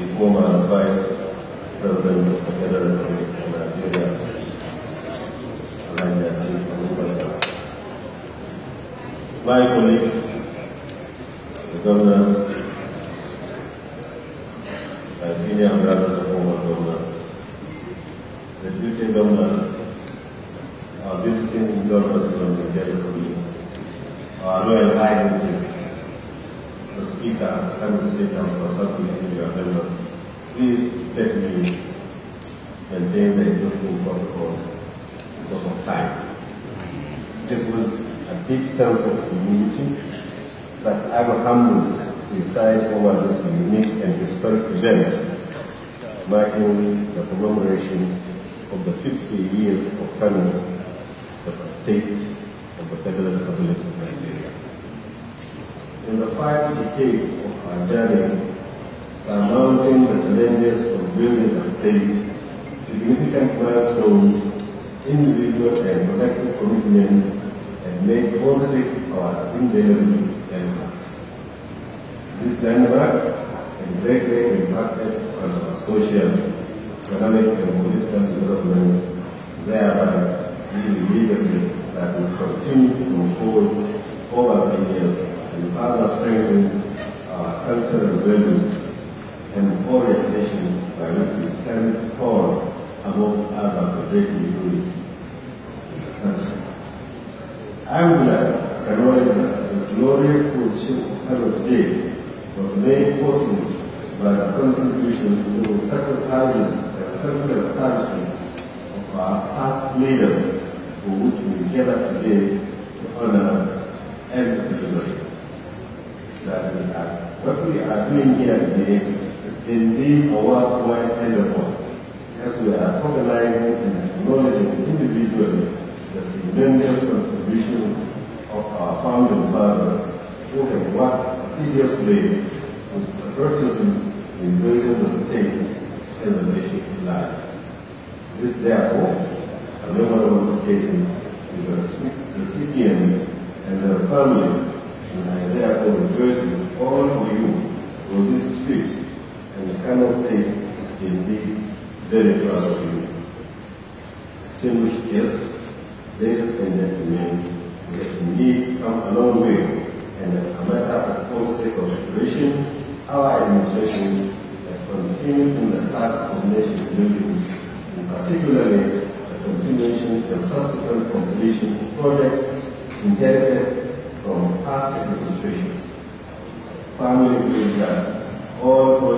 the former Vice President of the Federal Republic of Nigeria, My colleagues, the governors, my senior brothers and former governors, the deputy governor, our visiting governors from the territory, our royal highnesses, Speaker, Simon State something in your members, please let me maintain the existing protocol because of time. This was a big sense of community that I was to preside over this unique and historic event marking the commemoration of the 50 years of Kano as a state of the Federal Republic of Nigeria in the fight decades of by surmounting the challenges of building a state, significant milestones, individual and collective commitments, and made positive our indelible landmarks. These landmarks and greatly impacted on our social, economic, and political developments, thereby the legacies that will continue to unfold over the years in further strengthening our uh, cultural values and orientation by which we stand tall among other projecting groups. I would like to acknowledge that the glorious position of today was made possible by the contribution to sacrifices and selfless services of our past leaders for which we gather today to honor and celebrate. What we are doing here today is indeed a worthwhile endeavor, as we are organizing and acknowledging individually the tremendous contributions of our founding fathers who have worked seriously with patriotism in building the state and the nation alive. This therefore, a memorable occasion to the recipients and their families, and I therefore very proud of you. Distinguished guests, ladies and gentlemen, we have indeed come a long way, and as a matter of policy consideration, our administration has continued in the task of nation building, and particularly the continuation and subsequent completion of projects inherited from past administrations. Family builder, all